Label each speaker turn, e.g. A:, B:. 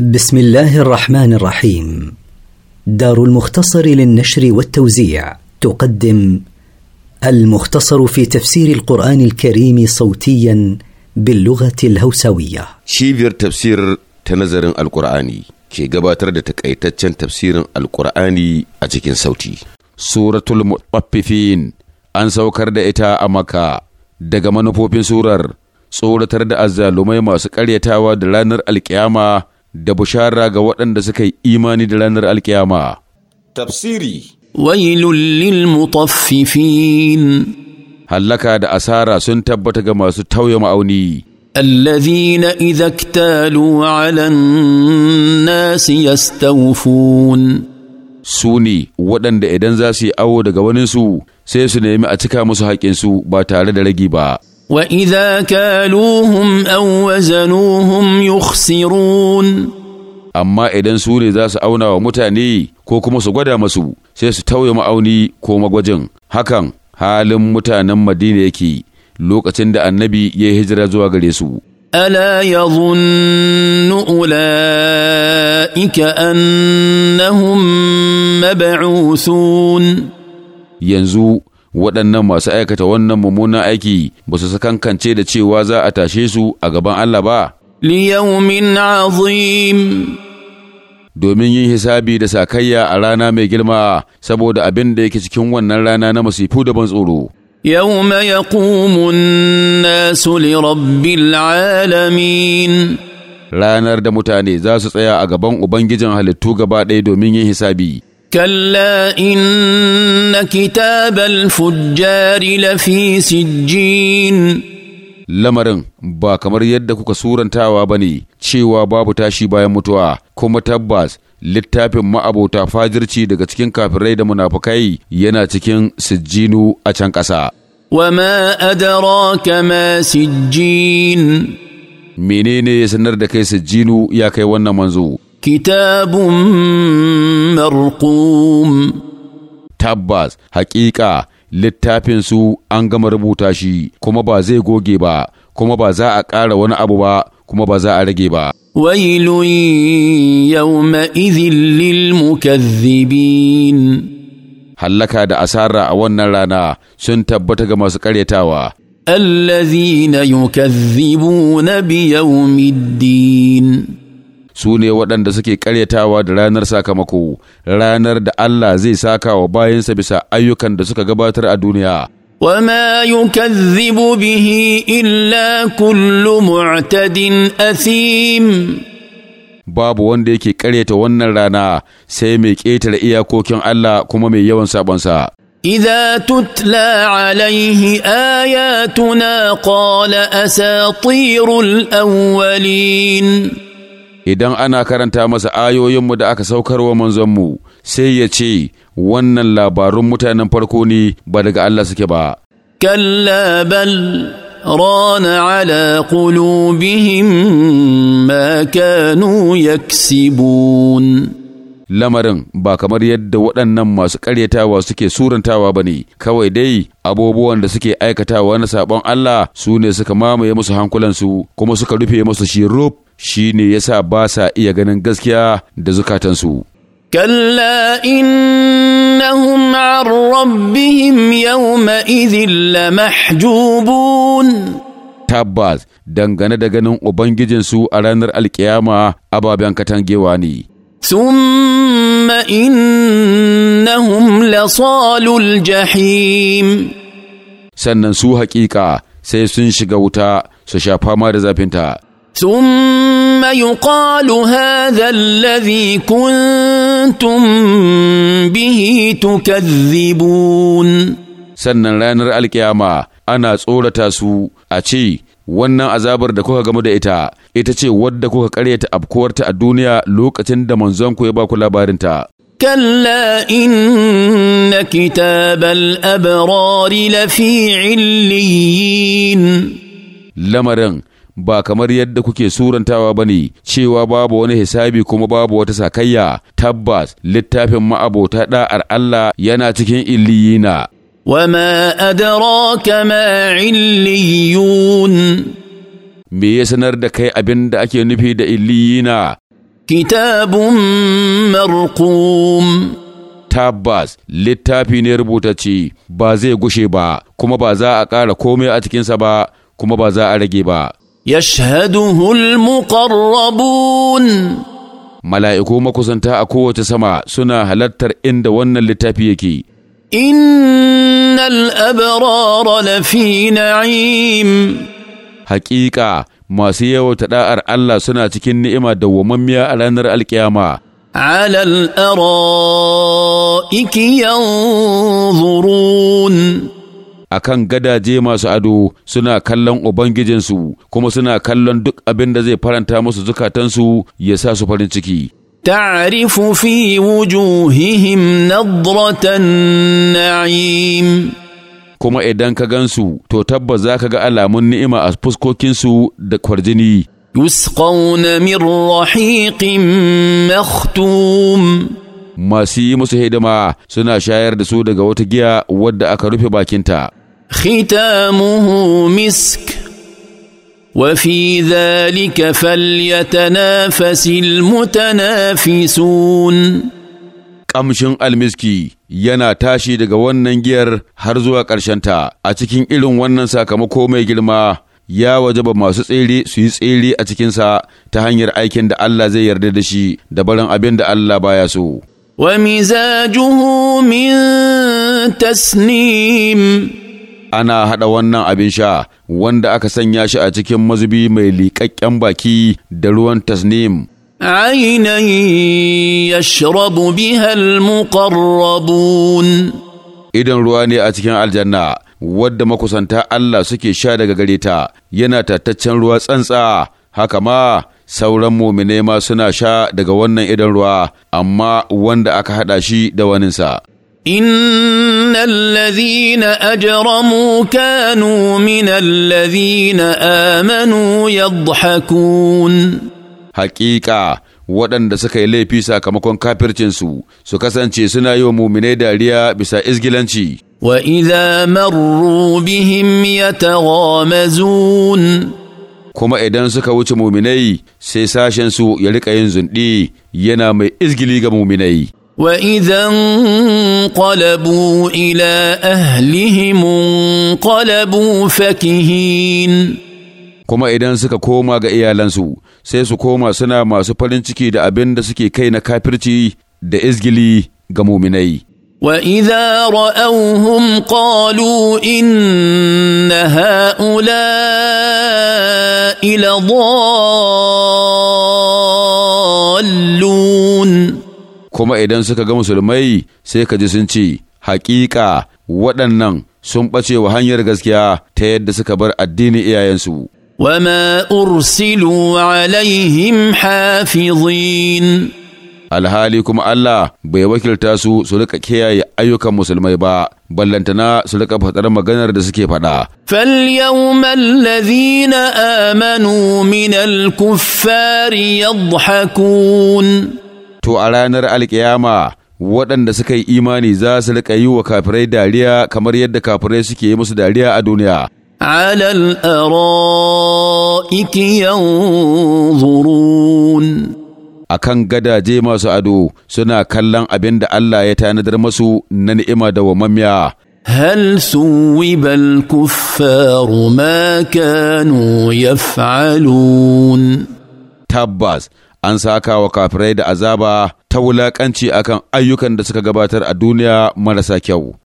A: بسم الله الرحمن الرحيم دار المختصر للنشر والتوزيع تقدم المختصر في تفسير القرآن الكريم صوتيا باللغة الهوسوية
B: شيفير تفسير تنظر القرآني كي قباتر تكأيتتشن تفسير القرآني أجيكين صوتي سورة المطففين أن سوكر دا إتا أمكا دقمانو بوبين سورر سورة رد azzalumai masu karyatawa da ranar alkiyama da bishara ga waɗanda suka yi imani da ranar alkiyama. Tafsiri Wailulil mutaffifin Hallaka da asara sun tabbata ga masu tauye ma'auni. Allazina idza iktalu alan nasi yastawfun Su ne waɗanda idan za su yi awo daga waninsu sai su nemi a cika musu haƙinsu ba tare da ragi ba. واذا كالوهم او وزنوهم يخسرون amma idan su ne za su auna wa mutane ko kuma su gwada masu sai su tauye ma'auni ko magwajin hakan halin mutanen madina yake lokacin da annabi ya hijira zuwa gare su
A: ألا يظن أولئك أنهم مبعوثون
B: yanzu waɗannan masu aikata wannan mummunan aiki ba su sakankance da cewa za a tashe su a gaban Allah ba liyaumin azim domin yin hisabi da sakayya a rana mai girma saboda abin da yake cikin wannan rana na masifu da ban tsoro. يوم nasu li لرب alamin. ranar da mutane za su tsaya a gaban Ubangijin halittu gaba ɗaya domin yin hisabi. كلا ان كتاب الفجار لفي سجين lamarin ba kamar yadda kuka surantawa ba ne cewa babu tashi bayan mutuwa kuma tabbas littafin ma'abota fajirci daga cikin kafirai da munafukai yana cikin sijjinu a can ƙasa. wama adraka ma sijjin menene ya sanar da kai sijjinu ya kai wannan manzo kitabun مرقوم تباز حقيقة littafinsu an gama rubuta shi kuma ba zai goge ba kuma ba za a ƙara wani abu ba kuma ba za a rage ba. Wailun yawma izin lil mukazzibin. Hallaka da asara a wannan rana sun tabbata ga masu ƙaryatawa. Allazina yukazzibuna bi yawmiddin. su ne waɗanda suke ƙaryatawa da ranar sakamako ranar da Allah zai saka wa bayansa bisa ayyukan da suka gabatar a duniya
A: وما yukazzibu bihi illa kullum معتد asim
B: babu wanda yake ƙaryata wannan rana sai mai ƙetare iyakokin Allah kuma mai yawan sabonsa.
A: إذا تتلى عليه آياتنا قال أساطير الأولين
B: idan ana karanta masa ayoyinmu da aka saukar wa manzonmu sai ya ce wannan labarun mutanen farko ne ba daga Allah suke ba.
A: Kalla bal
B: rana ala qulubihim ma kanu yaksibun. lamarin ba kamar yadda waɗannan masu ƙaryatawa suke surantawa ba ne kawai dai abubuwan da suke aikatawa na saɓon Allah su ne suka mamaye musu hankulansu kuma suka rufe musu shi rub shi ne yasa ba sa iya ganin gaskiya da zukatansu.
A: كلا إنهم عن ربهم يومئذ
B: لمحجوبون tabbas dangane da ganin Ubangijinsu a ranar alkiyama ababen katangewa ne. ثم إنهم لصال jahim? sannan su haƙiƙa sai sun shiga wuta su sha fama da zafinta.
A: ثم يقال
B: هذا الذي كنتم به تكذبون sannan ranar alkiyama ana tsorata su a ce wannan azabar da kuka gamu da ita ita ce wadda kuka karyata afkuwarta a duniya lokacin da manzonku ya ba ku labarinta
A: كلا إن كتاب الأبرار لفي عليين
B: لمرن ba kamar yadda kuke surantawa ba ne cewa babu wani hisabi kuma babu wata sakayya tabbas littafin ma'abota da'ar Allah yana cikin illiyina وما أدراك ما عليون بيسنر دكي أبن nufi da دإلينا كتاب مرقوم tabbas littafi ne rubutacci ba zai gushe ba kuma ba za a ƙara komai a cikinsa ba kuma ba za a rage ba yashhaduhu almuqarrabun mala'iku makusanta a kowace sama suna halartar inda wannan littafi yake Innal abrara lafi na'im. Hakika masu yawata ɗa'ar Allah suna cikin ni'ima da dawwamammiya a ranar alkiyama. Alal ara'iki yanzurun. A kan gadaje masu ado suna kallon Ubangijinsu kuma suna kallon duk abin da zai faranta musu zukatansu ya sa su farin ciki. تعرف في وجوههم نضرة النعيم kuma idan ka gansu to tabbas za ka ga alamun ni'ima a fuskokinsu da kwarjini. Yusqawna min rahiqin
A: makhtum
B: Masu yi musu hidima suna shayar da su daga wata giya wadda aka rufe bakinta.
A: Khitamuhu misk وفي ذلك فليتنافس
B: المتنافسون ƙamshin almiski yana tashi daga wannan giyar har zuwa ƙarshenta a cikin irin wannan sakamako mai girma ya wajaba masu tsere su yi tsere a cikinsa ta hanyar aikin da Allah zai yarda da shi da barin abin da Allah baya so. Wa mizajuhu min tasnim ana haɗa wannan abin sha wanda aka sanya shi a cikin mazubi mai liƙaƙƙen baki da ruwan tasnim.
A: عينا
B: idan ruwa ne a cikin aljanna wadda makusanta Allah suke sha daga gare ta yana tattaccen ruwa tsantsa haka ma sauran mumine ma suna sha daga wannan idan ruwa amma wanda aka haɗa shi da waninsa.
A: ان الذين اجرموا كانوا من الذين امنوا يضحكون
B: حقيقه waɗanda suka yi laifi sakamakon kafircinsu su kasance suna yi wa muminai dariya bisa izgilanci. Wa idha marru bihim yataghamazun Kuma idan suka wuce muminai sai sashensu ya riƙa yin zunɗi yana mai izgili ga muminai.
A: واذا انقلبوا
B: الى اهلهم انقلبوا فكهين kuma idan suka koma ga iyalansu sai su koma suna masu farin ciki da abin da suke kai na kafirci da izgili ga muminai
A: ra’auhum راوهم inna ha’ula
B: ila لضالون kuma idan suka ga musulmai sai ka ji sun ce Haƙiƙa! waɗannan sun ɓace wa hanyar gaskiya ta yadda suka bar addinin iyayensu وما أرسلوا عليهم حافظين alhali kuma Allah bai wakilta su su rika kiyaye ayyukan musulmai ba ballantana su rika faɗar maganar da suke faɗa.
A: فاليوم
B: الذين آمنوا من الكفار يضحكون to a ranar alkiyama waɗanda suka yi imani za su riƙa yi wa kafirai dariya kamar yadda kafirai suke yi musu dariya a duniya. على الأرائك ينظرون akan gadaje masu ado suna kallon abin da Allah ya tanadar masu na ni'ima da wamamya. Hal suwibal kuffaru ma kanu yaf'alun. Tabbas an saka wa kafirai da azaba ta wulaƙanci akan ayyukan da suka gabatar a duniya marasa kyau